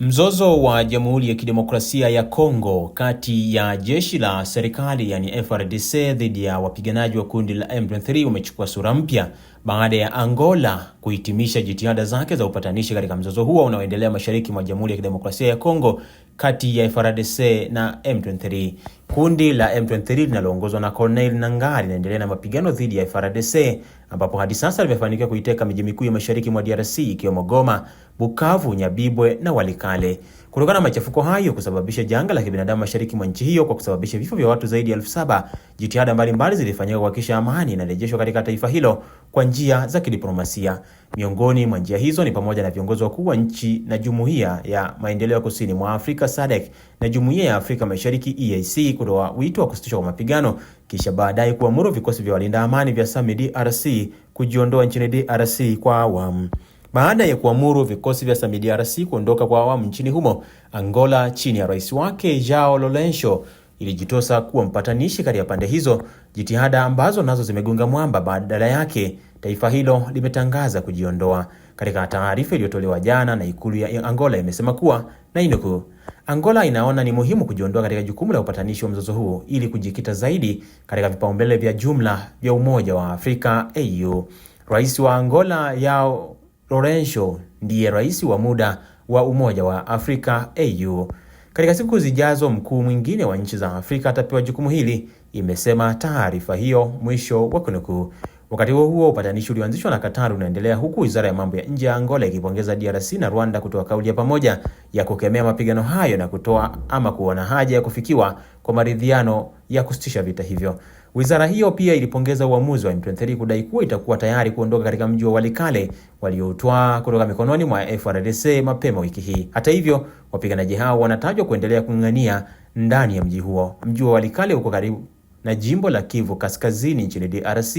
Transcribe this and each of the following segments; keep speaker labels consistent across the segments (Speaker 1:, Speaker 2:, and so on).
Speaker 1: Mzozo wa Jamhuri ya Kidemokrasia ya Kongo kati ya jeshi la serikali yaani FARDC dhidi ya wapiganaji wa kundi la M23 umechukua sura mpya baada ya Angola kuhitimisha jitihada zake za upatanishi katika mzozo huo unaoendelea mashariki mwa Jamhuri ya Kidemokrasia ya Kongo kati ya FARDC na M23. Kundi la M23 linaloongozwa na Corneille Nangaa linaendelea na mapigano dhidi ya FARDC ambapo hadi sasa limefanikiwa kuiteka miji mikuu ya mashariki mwa DRC ikiwemo Goma, Bukavu, Nyabibwe na Walikale. Kutokana na machafuko hayo kusababisha janga la kibinadamu mashariki mwa nchi hiyo kwa kusababisha vifo vya watu zaidi ya elfu saba Jitihada mbalimbali zilifanyika kuhakikisha amani inarejeshwa katika taifa hilo kwa njia za kidiplomasia. Miongoni mwa njia hizo ni pamoja na viongozi wakuu wa nchi na Jumuiya ya Maendeleo ya Kusini mwa Afrika SADC na Jumuiya ya Afrika Mashariki EAC kutoa wito wa kusitishwa kwa mapigano, kisha baadaye kuamuru vikosi vya walinda amani vya SAMI DRC kujiondoa nchini DRC kwa awamu. Baada ya kuamuru vikosi vya SAMIDRC kuondoka kwa awamu nchini humo, Angola chini ya rais wake Joao Lourenco ilijitosa kuwa mpatanishi kati ya pande hizo, jitihada ambazo nazo zimegonga mwamba. Badala yake, taifa hilo limetangaza kujiondoa. Katika taarifa iliyotolewa jana na ikulu ya Angola imesema kuwa nainuk Angola inaona ni muhimu kujiondoa katika jukumu la upatanishi wa mzozo huo ili kujikita zaidi katika vipaumbele vya jumla vya Umoja wa Afrika AU. Rais wa Angola Yao Lourenco ndiye rais wa muda wa Umoja wa Afrika AU. Katika siku zijazo, mkuu mwingine wa nchi za Afrika atapewa jukumu hili, imesema taarifa hiyo, mwisho wa kunukuu. Wakati huo huo, upatanishi ulioanzishwa na Qatar unaendelea huku wizara ya mambo ya nje ya Angola ikipongeza DRC na Rwanda kutoa kauli ya pamoja ya kukemea mapigano hayo na kutoa ama kuona haja ya kufikiwa kwa maridhiano ya kusitisha vita hivyo. Wizara hiyo pia ilipongeza uamuzi wa M23 kudai kuwa itakuwa tayari kuondoka katika mji wa Walikale walioutwaa kutoka mikononi mwa FARDC mapema wiki hii. Hata hivyo, wapiganaji hao wanatajwa kuendelea kung'ang'ania ndani ya mji huo. Mji wa Walikale uko karibu na jimbo la Kivu Kaskazini nchini DRC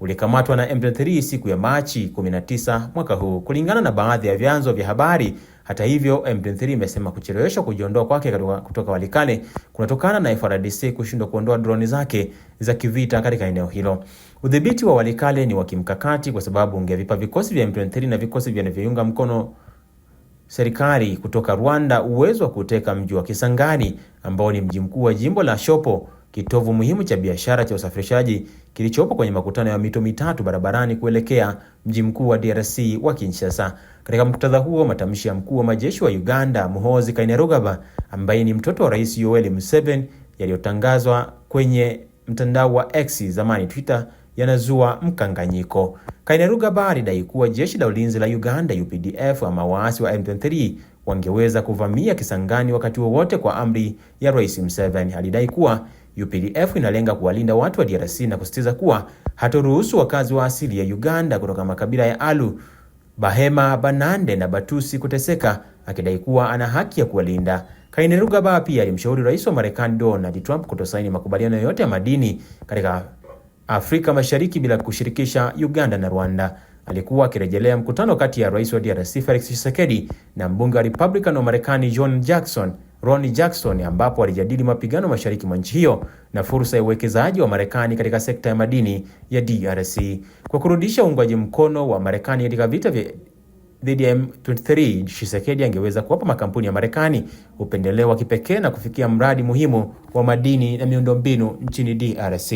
Speaker 1: ulikamatwa na M23 siku ya Machi 19 mwaka huu, kulingana na baadhi ya vyanzo vya habari. Hata hivyo, M23 imesema kucheleweshwa kujiondoa kwake kutoka Walikale kunatokana na frdc kushindwa kuondoa droni zake za kivita katika eneo hilo. Udhibiti wa Walikale ni wa kimkakati kwa sababu ungevipa vikosi vya M23 na vikosi vinavyoiunga mkono serikali kutoka Rwanda uwezo wa kuteka mji wa Kisangani ambao ni mji mkuu wa jimbo la Shopo kitovu muhimu cha biashara cha usafirishaji kilichopo kwenye makutano ya mito mitatu barabarani kuelekea mji mkuu wa DRC wa Kinshasa. Katika muktadha huo, matamshi ya mkuu wa majeshi wa Uganda, Muhoozi Kainerugaba, ambaye ni mtoto wa Rais Yoweri Museveni, yaliyotangazwa kwenye mtandao wa X, zamani Twitter, yanazua mkanganyiko. Kainerugaba alidai kuwa jeshi la ulinzi la Uganda UPDF ama waasi wa M23 wangeweza kuvamia Kisangani wakati wowote kwa amri ya Rais Museveni. Alidai kuwa UPDF inalenga kuwalinda watu wa DRC na kusisitiza kuwa hatoruhusu wakazi wa asili ya Uganda kutoka makabila ya Alu, Bahema, Banande na Batusi kuteseka, akidai kuwa ana haki ya kuwalinda. Kainerugaba pia alimshauri Rais wa Marekani Donald Trump kutosaini makubaliano yote ya madini katika Afrika Mashariki bila kushirikisha Uganda na Rwanda. Alikuwa akirejelea mkutano kati ya Rais wa DRC Felix Tshisekedi na mbunge wa Republican wa Marekani John Jackson ron Jackson ambapo alijadili mapigano mashariki mwa nchi hiyo na fursa ya uwekezaji wa Marekani katika sekta ya madini ya DRC. Kwa kurudisha uungwaji mkono wa Marekani katika vita vya dhidi ya M23, Tshisekedi angeweza kuwapa makampuni ya Marekani upendeleo wa kipekee na kufikia mradi muhimu wa madini na miundombinu nchini DRC.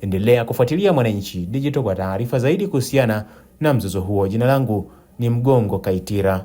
Speaker 1: Endelea kufuatilia Mwananchi Digital kwa taarifa zaidi kuhusiana na mzozo huo. Jina langu ni Mgongo Kaitira.